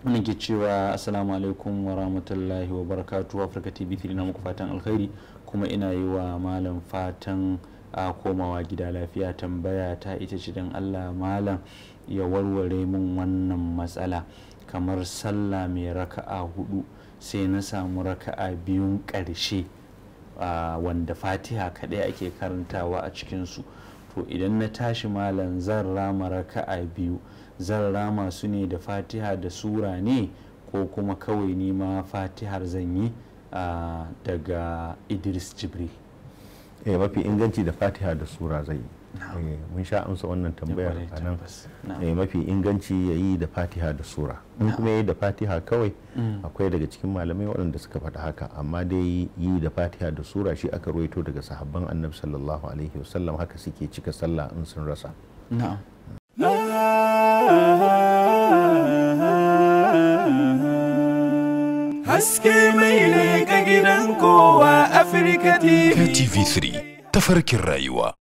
wannan ke cewa assalamu alaikum wa rahmatullahi wa barakatu afirka tv 3 na muku fatan alkhairi kuma ina yi wa malam fatan a komawa gida lafiya tambaya ta ita ce don allah malam ya warware min wannan matsala kamar sallah mai raka'a hudu sai na samu raka'a biyun ƙarshe wanda fatiha kaɗai ake karantawa a cikinsu to idan na tashi malam zan rama raka'a biyu zan rama su ne da fatiha da sura ne ko kuma kawai nima fatihar zan yi ah, daga idris jibril eh mafi inganci da fatiha da sura zai eh, mun sha amsa wannan tambayar a nan eh, mafi inganci ya yi da fatiha da sura in kuma ya yi da fatiha kawai mm. akwai daga cikin malamai waɗanda suka faɗa haka amma dai yi da fatiha da sura shi aka ruwaito daga sahabban annabi sallallahu alaihi wasallam haka suke cika sallah in sun rasa haske mai ne ka gidan kowa كتي في 3 تفرك الرأيوة